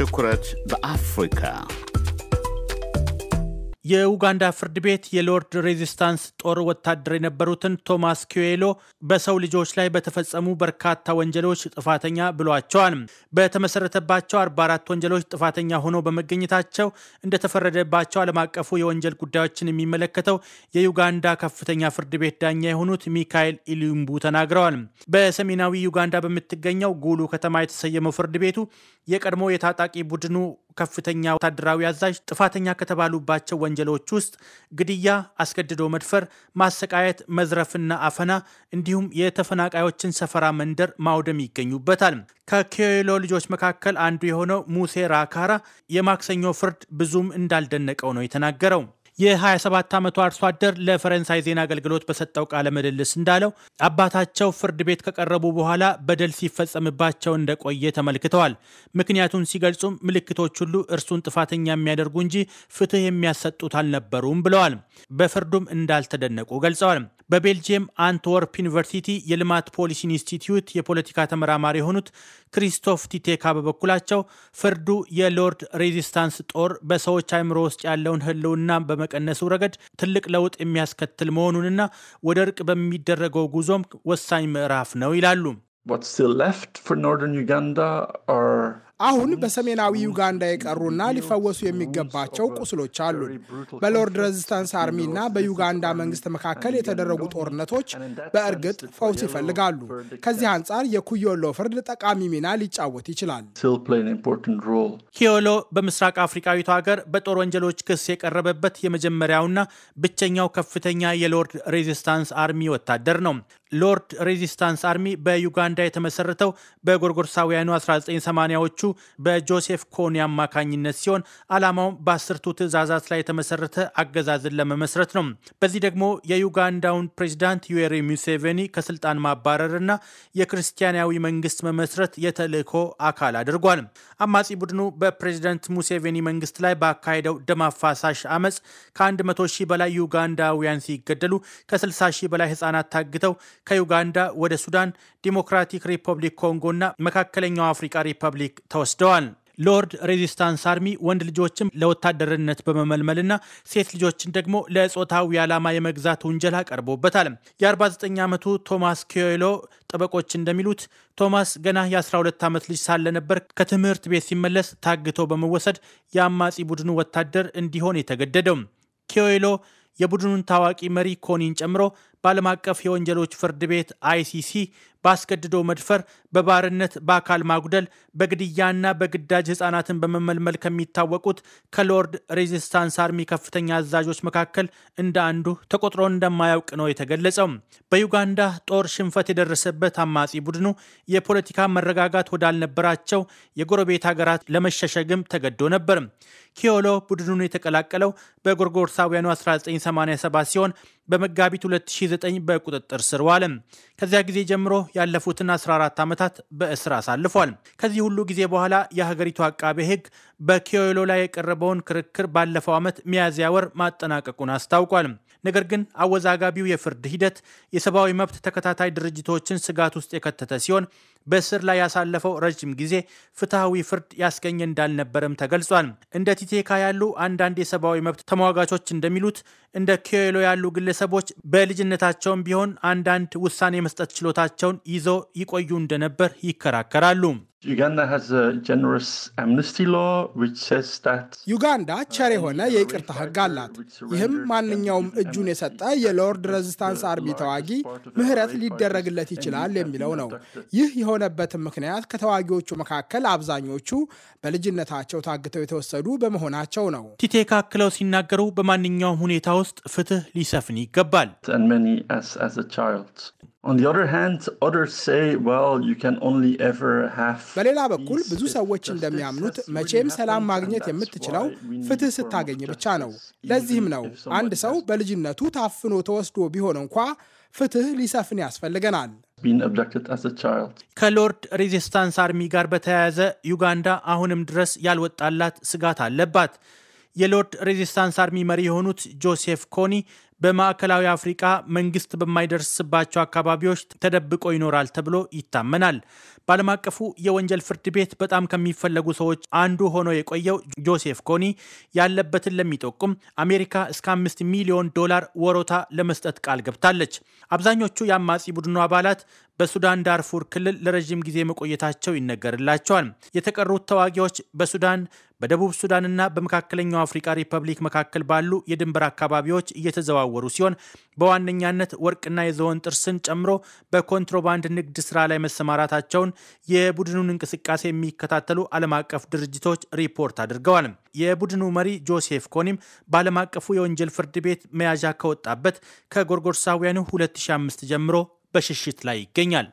Aristocrat da África. የኡጋንዳ ፍርድ ቤት የሎርድ ሬዚስታንስ ጦር ወታደር የነበሩትን ቶማስ ኪዌሎ በሰው ልጆች ላይ በተፈጸሙ በርካታ ወንጀሎች ጥፋተኛ ብሏቸዋል። በተመሰረተባቸው 44 ወንጀሎች ጥፋተኛ ሆነው በመገኘታቸው እንደተፈረደባቸው ዓለም አቀፉ የወንጀል ጉዳዮችን የሚመለከተው የዩጋንዳ ከፍተኛ ፍርድ ቤት ዳኛ የሆኑት ሚካኤል ኢሊምቡ ተናግረዋል። በሰሜናዊ ዩጋንዳ በምትገኘው ጉሉ ከተማ የተሰየመው ፍርድ ቤቱ የቀድሞ የታጣቂ ቡድኑ ከፍተኛ ወታደራዊ አዛዥ ጥፋተኛ ከተባሉባቸው ወንጀሎች ውስጥ ግድያ፣ አስገድዶ መድፈር፣ ማሰቃየት፣ መዝረፍና አፈና እንዲሁም የተፈናቃዮችን ሰፈራ መንደር ማውደም ይገኙበታል። ከኬሎ ልጆች መካከል አንዱ የሆነው ሙሴ ራካራ የማክሰኞ ፍርድ ብዙም እንዳልደነቀው ነው የተናገረው። የ27 ዓመቱ አርሶ አደር ለፈረንሳይ ዜና አገልግሎት በሰጠው ቃለ ምልልስ እንዳለው አባታቸው ፍርድ ቤት ከቀረቡ በኋላ በደል ሲፈጸምባቸው እንደቆየ ተመልክተዋል። ምክንያቱን ሲገልጹም ምልክቶች ሁሉ እርሱን ጥፋተኛ የሚያደርጉ እንጂ ፍትህ የሚያሰጡት አልነበሩም ብለዋል። በፍርዱም እንዳልተደነቁ ገልጸዋል። በቤልጅየም አንትወርፕ ዩኒቨርሲቲ የልማት ፖሊሲ ኢንስቲትዩት የፖለቲካ ተመራማሪ የሆኑት ክሪስቶፍ ቲቴካ በበኩላቸው ፍርዱ የሎርድ ሬዚስታንስ ጦር በሰዎች አይምሮ ውስጥ ያለውን ህልውና በመ በመቀነሱ ረገድ ትልቅ ለውጥ የሚያስከትል መሆኑንና ወደ እርቅ በሚደረገው ጉዞም ወሳኝ ምዕራፍ ነው ይላሉ። አሁን በሰሜናዊ ዩጋንዳ የቀሩና ሊፈወሱ የሚገባቸው ቁስሎች አሉ። በሎርድ ሬዚስታንስ አርሚ እና በዩጋንዳ መንግስት መካከል የተደረጉ ጦርነቶች በእርግጥ ፈውስ ይፈልጋሉ። ከዚህ አንጻር የኩዮሎ ፍርድ ጠቃሚ ሚና ሊጫወት ይችላል። ኪዮሎ በምስራቅ አፍሪካዊቱ ሀገር በጦር ወንጀሎች ክስ የቀረበበት የመጀመሪያውና ብቸኛው ከፍተኛ የሎርድ ሬዚስታንስ አርሚ ወታደር ነው። ሎርድ ሬዚስታንስ አርሚ በዩጋንዳ የተመሰረተው በጎርጎርሳውያኑ 1980ዎቹ በጆሴፍ ኮኒ አማካኝነት ሲሆን ዓላማው በአስርቱ ትዕዛዛት ላይ የተመሰረተ አገዛዝን ለመመስረት ነው። በዚህ ደግሞ የዩጋንዳውን ፕሬዚዳንት ዩዌሪ ሙሴቬኒ ከስልጣን እና የክርስቲያናዊ መንግስት መመስረት የተልእኮ አካል አድርጓል። አማጺ ቡድኑ በፕሬዚዳንት ሙሴቬኒ መንግስት ላይ ባካሄደው ደም አፋሳሽ አመፅ ከ100 ሺህ በላይ ዩጋንዳውያን ሲገደሉ ከ60 ሺህ በላይ ህጻናት ታግተው ከዩጋንዳ ወደ ሱዳን፣ ዲሞክራቲክ ሪፐብሊክ ኮንጎ እና መካከለኛው አፍሪካ ሪፐብሊክ ተወስደዋል። ሎርድ ሬዚስታንስ አርሚ ወንድ ልጆችን ለወታደርነት በመመልመልና ሴት ልጆችን ደግሞ ለጾታዊ ዓላማ የመግዛት ውንጀላ ቀርቦበታል። የ49 ዓመቱ ቶማስ ኪዮሎ ጠበቆች እንደሚሉት ቶማስ ገና የ12 ዓመት ልጅ ሳለ ነበር ከትምህርት ቤት ሲመለስ ታግቶ በመወሰድ የአማጺ ቡድኑ ወታደር እንዲሆን የተገደደው። ኪዮሎ የቡድኑን ታዋቂ መሪ ኮኒን ጨምሮ በዓለም አቀፍ የወንጀሎች ፍርድ ቤት አይሲሲ በአስገድዶ መድፈር፣ በባርነት፣ በአካል ማጉደል፣ በግድያና በግዳጅ ህጻናትን በመመልመል ከሚታወቁት ከሎርድ ሬዚስታንስ አርሚ ከፍተኛ አዛዦች መካከል እንደ አንዱ ተቆጥሮ እንደማያውቅ ነው የተገለጸው። በዩጋንዳ ጦር ሽንፈት የደረሰበት አማጺ ቡድኑ የፖለቲካ መረጋጋት ወዳልነበራቸው የጎረቤት ሀገራት ለመሸሸግም ተገዶ ነበር። ኪዮሎ ቡድኑን የተቀላቀለው በጎርጎርሳውያኑ 1987 ሲሆን በመጋቢት 2009 በቁጥጥር ስር ዋለ። ከዚያ ጊዜ ጀምሮ ያለፉትን 14 ዓመታት በእስር አሳልፏል። ከዚህ ሁሉ ጊዜ በኋላ የሀገሪቱ አቃቤ ሕግ በኪዮሎ ላይ የቀረበውን ክርክር ባለፈው ዓመት ሚያዝያ ወር ማጠናቀቁን አስታውቋል። ነገር ግን አወዛጋቢው የፍርድ ሂደት የሰብአዊ መብት ተከታታይ ድርጅቶችን ስጋት ውስጥ የከተተ ሲሆን በእስር ላይ ያሳለፈው ረጅም ጊዜ ፍትሐዊ ፍርድ ያስገኘ እንዳልነበረም ተገልጿል። እንደ ቲቴካ ያሉ አንዳንድ የሰብአዊ መብት ተሟጋቾች እንደሚሉት እንደ ኪዮሎ ያሉ ግለሰቦች በልጅነታቸውም ቢሆን አንዳንድ ውሳኔ መስጠት ችሎታቸውን ይዘው ይቆዩ እንደነበር ይከራከራሉ። Uganda has a generous amnesty ዩጋንዳ ቸር የሆነ የይቅርታ ህግ አላት። ይህም ማንኛውም እጁን የሰጠ የሎርድ ረዚስታንስ አርሚ ተዋጊ ምህረት ሊደረግለት ይችላል የሚለው ነው። ይህ የሆነበትም ምክንያት ከተዋጊዎቹ መካከል አብዛኞቹ በልጅነታቸው ታግተው የተወሰዱ በመሆናቸው ነው። ቲቴካ አክለው ሲናገሩ በማንኛውም ሁኔታ ውስጥ ፍትህ ሊሰፍን ይገባል። በሌላ በኩል ብዙ ሰዎች እንደሚያምኑት መቼም ሰላም ማግኘት የምትችለው ፍትህ ስታገኝ ብቻ ነው። ለዚህም ነው አንድ ሰው በልጅነቱ ታፍኖ ተወስዶ ቢሆን እንኳ ፍትህ ሊሰፍን ያስፈልገናል። ከሎርድ ሬዚስታንስ አርሚ ጋር በተያያዘ ዩጋንዳ አሁንም ድረስ ያልወጣላት ስጋት አለባት። የሎርድ ሬዚስታንስ አርሚ መሪ የሆኑት ጆሴፍ ኮኒ በማዕከላዊ አፍሪቃ መንግስት በማይደርስባቸው አካባቢዎች ተደብቆ ይኖራል ተብሎ ይታመናል። በዓለም አቀፉ የወንጀል ፍርድ ቤት በጣም ከሚፈለጉ ሰዎች አንዱ ሆኖ የቆየው ጆሴፍ ኮኒ ያለበትን ለሚጠቁም አሜሪካ እስከ አምስት ሚሊዮን ዶላር ወሮታ ለመስጠት ቃል ገብታለች። አብዛኞቹ የአማጺ ቡድኑ አባላት በሱዳን ዳርፉር ክልል ለረዥም ጊዜ መቆየታቸው ይነገርላቸዋል። የተቀሩት ተዋጊዎች በሱዳን በደቡብ ሱዳንና በመካከለኛው አፍሪካ ሪፐብሊክ መካከል ባሉ የድንበር አካባቢዎች እየተዘዋወሩ ሲሆን በዋነኛነት ወርቅና የዝሆን ጥርስን ጨምሮ በኮንትሮባንድ ንግድ ስራ ላይ መሰማራታቸውን የቡድኑን እንቅስቃሴ የሚከታተሉ ዓለም አቀፍ ድርጅቶች ሪፖርት አድርገዋል። የቡድኑ መሪ ጆሴፍ ኮኒም በዓለም አቀፉ የወንጀል ፍርድ ቤት መያዣ ከወጣበት ከጎርጎርሳውያኑ 2005 ጀምሮ በሽሽት ላይ ይገኛል።